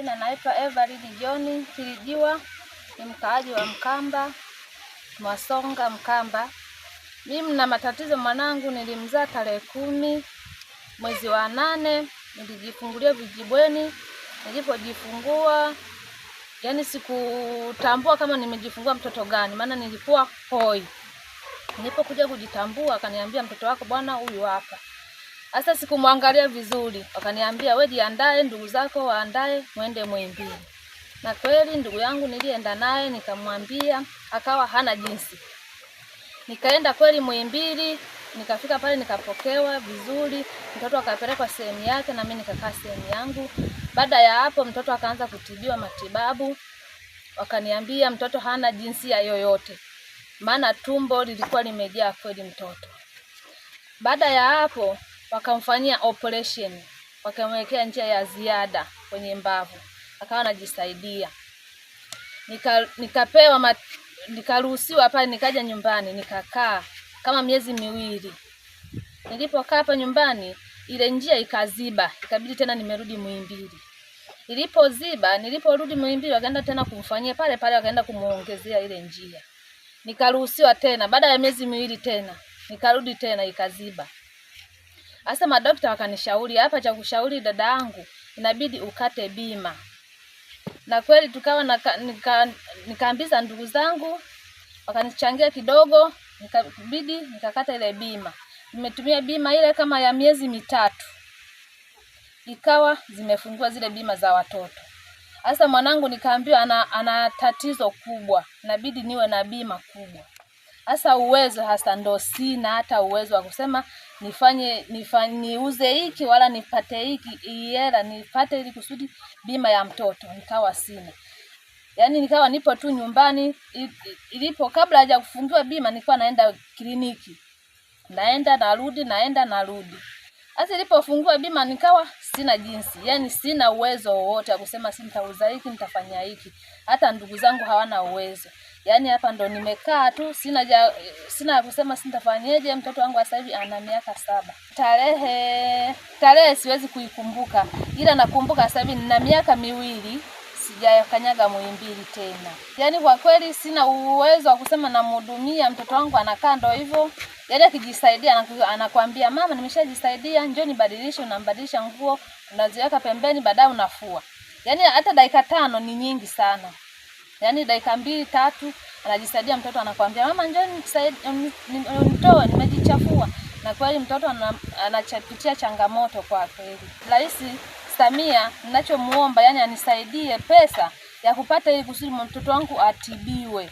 jina naitwa Everin John Kilijiwa, ni mkaaji wa Mkamba Mwasonga, Mkamba. Mimi na matatizo, mwanangu nilimzaa tarehe kumi mwezi wa nane, nilijifungulia vijibweni. Nilipojifungua yani sikutambua kama nimejifungua mtoto gani, maana nilikuwa hoi. Nilipokuja kujitambua, akaniambia mtoto wako bwana, huyu hapa hasa sikumwangalia vizuri, wakaniambia we jiandae, ndugu zako waandae, mwende Muhimbili. Na kweli ndugu yangu nilienda naye, nikamwambia, akawa hana jinsi. Nikaenda kweli Muhimbili, nikafika pale, nikapokewa vizuri, mtoto akapelekwa sehemu yake na mimi nikakaa sehemu yangu. Baada ya hapo, mtoto akaanza kutibiwa matibabu, wakaniambia mtoto hana jinsia yoyote, maana tumbo lilikuwa limejaa kweli mtoto. Baada ya hapo wakamfanyia operation, wakamwekea njia ya ziada kwenye mbavu, akawa anajisaidia. Nika, nikapewa nikaruhusiwa pale, nikaja nyumbani nikakaa kama miezi miwili. Nilipokaa hapa nyumbani, ile njia ikaziba, ikabidi tena nimerudi Muhimbili. Ilipoziba, niliporudi Muhimbili, wakaenda tena kumfanyia pale pale, wakaenda kumuongezea ile njia. Nikaruhusiwa tena baada ya miezi miwili tena, nikarudi tena ikaziba. Hasa madokta wakanishauri, hapa cha kushauri dada yangu, inabidi ukate bima. Na kweli tukawa nikaambiza, nika, nika ndugu zangu wakanichangia kidogo, nikabidi nikakata ile bima. Nimetumia bima ile kama ya miezi mitatu, ikawa zimefungua zile bima za watoto. Sasa mwanangu nikaambiwa ana, ana tatizo kubwa, inabidi niwe na bima kubwa. Sasa uwezo hasa ndo sina hata uwezo wa kusema nifanye niuze hiki wala nipate hiki hela nipate ili kusudi bima ya mtoto, nikawa sina yani, nikawa nipo tu nyumbani ilipo, kabla haja kufungiwa bima nilikuwa naenda kliniki, naenda narudi, naenda narudi. Sasa ilipofungiwa bima nikawa sina jinsi, yani sina uwezo wowote wa kusema si nitauza hiki, nitafanya hiki. Hata ndugu zangu hawana uwezo. Yaani hapa ndo nimekaa tu, sina ja, sina kusema sitafanyeje. Mtoto wangu sasa hivi ana miaka saba. Tarehe tarehe siwezi kuikumbuka, ila nakumbuka sasa hivi nina miaka miwili sijakanyaga Muhimbili tena. Yaani kwa kweli sina uwezo wa kusema namhudumia mtoto wangu, anakaa ndo hivyo yaani akijisaidia anakwambia mama, nimeshajisaidia, njoo nibadilishe. Unambadilisha nguo unaziweka pembeni, baadaye unafua. Yaani hata dakika tano ni nyingi sana. Yaani dakika mbili tatu anajisaidia mtoto anakwambia mama, njoo nisaidie, nitoe nimejichafua. Na kweli mtoto anachapitia changamoto kwa kweli. Rais Samia, ninachomuomba yani anisaidie pesa ya kupata ili kusudi mtoto wangu atibiwe.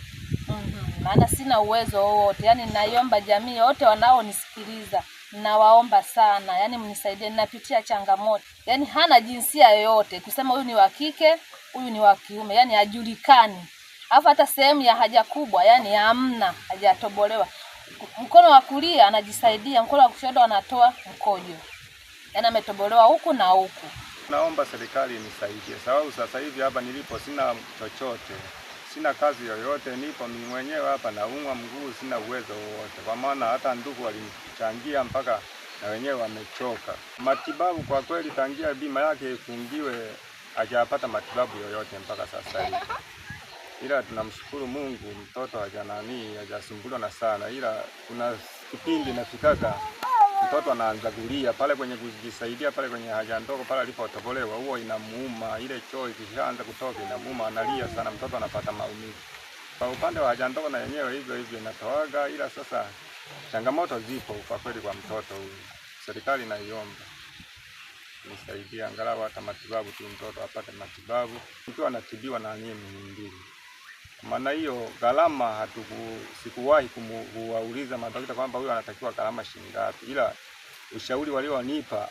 Mm -hmm. Maana sina uwezo wowote, yaani naiomba jamii wote wanaonisikiliza nawaomba sana, yani mnisaidie, ninapitia changamoto, yani hana jinsia yoyote kusema huyu ni wa kike huyu ni wa kiume, yani hajulikani. Alafu hata sehemu ya haja kubwa yani hamna, hajatobolewa. Mkono wa kulia anajisaidia, mkono wa kushoto anatoa mkojo, yani ametobolewa huku na huku. Naomba serikali nisaidie, sababu sasa hivi hapa nilipo sina chochote, sina kazi yoyote, nipo mimi mwenyewe hapa, naumwa mguu, sina uwezo wowote, kwa maana hata ndugu walinichangia mpaka na wenyewe wamechoka. Matibabu kwa kweli, tangia bima yake ifungiwe hajapata matibabu yoyote mpaka sasa hivi, ila tunamshukuru Mungu, mtoto hajananii hajasumbuliwa na sana, ila kuna kipindi nafikaga mtoto anaanza kulia pale kwenye kujisaidia pale kwenye haja ndogo pale alipotobolewa, huo inamuuma. Ile choo ikishaanza kutoka inamuuma, analia sana, mtoto anapata maumivu. Kwa upande wa haja ndogo na yenyewe hivyo hivyo inatoaga, ila sasa changamoto zipo kwa kweli kwa mtoto huyu, serikali naiomba kusaidia angalau hata matibabu tu, mtoto apate matibabu. Mtu anatibiwa na nyinyi mbili. maana hiyo gharama hatukusikuwahi kuwauliza madaktari kwamba huyo anatakiwa gharama shilingi ngapi, ila ushauri walionipa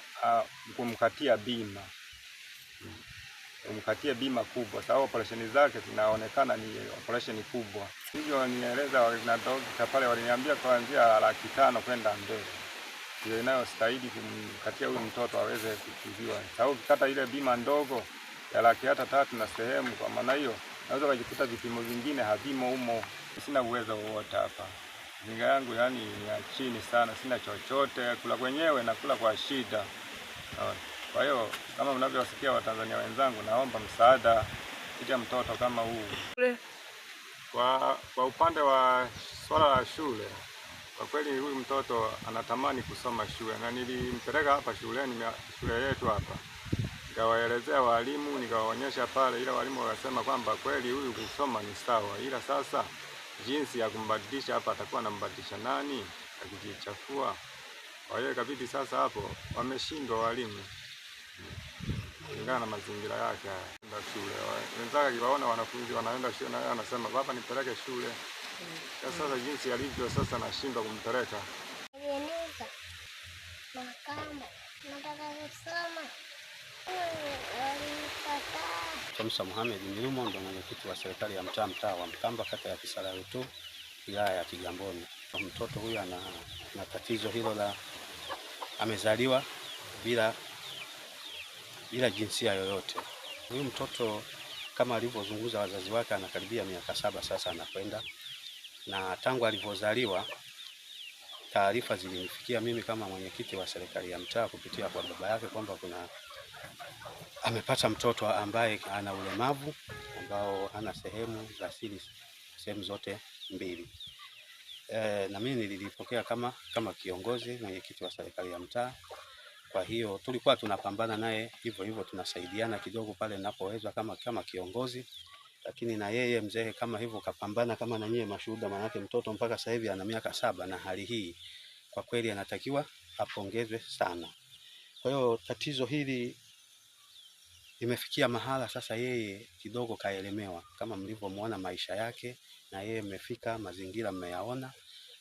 kumkatia bima kumkatia bima kubwa, sababu operesheni zake zinaonekana ni operation kubwa. Hivyo nieleza na dokta pale, waliniambia kuanzia laki tano kwenda mbele ndio inayostahili kumkatia huyu mtoto aweze kutibiwa, sababu kata ile bima ndogo ya laki hata tatu na sehemu. Kwa maana hiyo naweza kujikuta vipimo vingine havimo humo. Sina uwezo wowote hapa, kinga yangu yani ya chini sana, sina chochote. Kula kwenyewe nakula kwa shida. Kwa hiyo kama mnavyosikia Watanzania wenzangu, naomba msaada kupitia mtoto kama huu. Kwa, kwa upande wa swala la shule kwa kweli huyu mtoto anatamani kusoma shule, na nilimpeleka hapa shuleni, shule yetu hapa, nikawaelezea walimu, nikawaonyesha pale, ila walimu wakasema kwamba kweli huyu kusoma ni sawa, ila sasa jinsi ya kumbadilisha hapa, atakuwa anambadilisha nani akijichafua? Kwa hiyo ikabidi sasa hapo wameshindwa walimu kulingana na mazingira yake haya, shule wenzake akiwaona wanafunzi wanaenda shule, na anasema baba, nipeleke shule. Kwa sasa jinsi alivyo sasa, anashindwa kumpeleka Chamsa Mohamed Milumo ndo mwenyekiti wa serikali ya mtaa mtaa wa Mkamba kata ya Kisarawe tu wilaya ya Kigamboni. Mtoto huyu ana, ana tatizo hilo la amezaliwa bila, bila jinsia yoyote. Huyu mtoto kama alivyozunguza wazazi wake anakaribia miaka saba sasa anakwenda na tangu alivyozaliwa taarifa zilinifikia mimi kama mwenyekiti wa serikali ya mtaa kupitia kwa baba yake kwamba kuna amepata mtoto ambaye ana ulemavu ambao ana sehemu za asili sehemu zote mbili. E, na mimi nililipokea kama kama kiongozi mwenyekiti wa serikali ya mtaa. Kwa hiyo tulikuwa tunapambana naye hivyo hivyo, tunasaidiana kidogo pale ninapoweza kama kama kiongozi lakini na yeye mzee kama hivyo kapambana kama na nyie mashuhuda, manake mtoto mpaka sasa hivi ana miaka saba na hali hii kwa kweli anatakiwa apongezwe sana. Kwa hiyo tatizo hili imefikia mahala sasa, yeye kidogo kaelemewa, kama mlivyomwona maisha yake, na yeye imefika mazingira mmeyaona,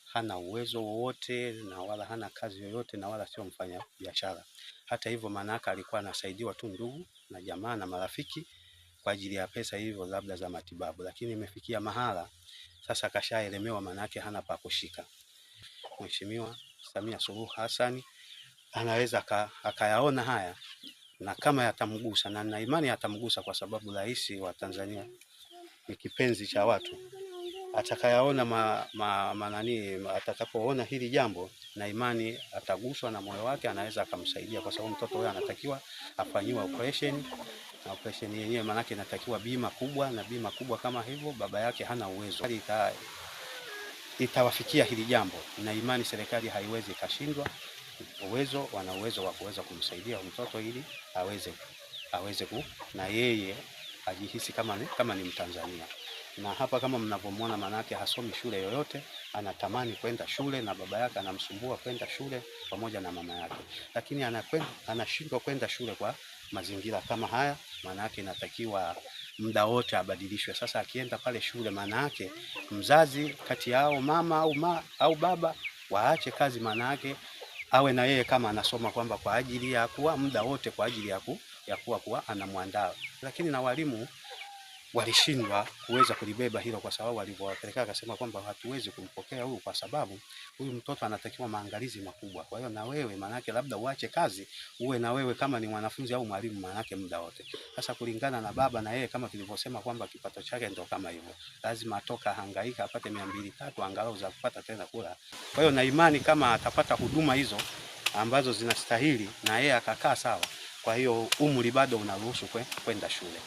hana uwezo wowote na wala hana kazi yoyote na wala sio mfanya biashara. Hata hivyo, maana yake alikuwa anasaidiwa tu ndugu na jamaa na marafiki kwa ajili ya pesa hivyo labda za matibabu, lakini imefikia mahala sasa kashaelemewa, yake hana pa kushika. Mheshimiwa Samia Suluhu Hassan anaweza akayaona haya na kama yatamgusa, na na imani yatamgusa, kwa sababu rais wa Tanzania ni kipenzi cha watu atakayaona ma, ma, nani atakapoona hili jambo na imani ataguswa na moyo wake, anaweza akamsaidia, kwa sababu mtoto huyo anatakiwa afanyiwe operation na operation yenyewe maanake inatakiwa bima kubwa, na bima kubwa kama hivyo baba yake hana uwezo. Ita, itawafikia hili jambo na imani serikali haiwezi ikashindwa uwezo, wana uwezo wa kuweza kumsaidia mtoto ili aweze aweze ku na yeye ajihisi kama ni, kama ni Mtanzania na hapa kama mnavyomwona, manake hasomi shule yoyote, anatamani kwenda shule na baba yake anamsumbua kwenda shule pamoja na mama yake, lakini anakwenda anashindwa kwenda shule kwa mazingira kama haya, manake inatakiwa muda wote abadilishwe. Sasa akienda pale shule, manake mzazi kati yao mama au, ma, au baba waache kazi, manake awe na yeye kama anasoma kwamba kwa ajili ya kuwa muda wote kwa ajili ya, ku, ya kuwa kuwa anamwandaa, lakini na walimu walishindwa kuweza kulibeba hilo, kwa sababu walivyowapeleka akasema kwamba hatuwezi kumpokea huyu kwa sababu huyu mtoto anatakiwa maangalizi makubwa. Kwa hiyo na wewe manake labda uache kazi uwe na wewe kama ni mwanafunzi au mwalimu, manake muda wote. Sasa kulingana na baba na yeye kama tulivyosema kwamba kipato chake ndio kama hivyo, lazima atoka hangaika apate mia mbili tatu angalau za kupata tena kula. Kwa hiyo na imani kama atapata huduma hizo ambazo zinastahili na yeye akakaa sawa, kwa hiyo umri bado unaruhusu kwenda shule.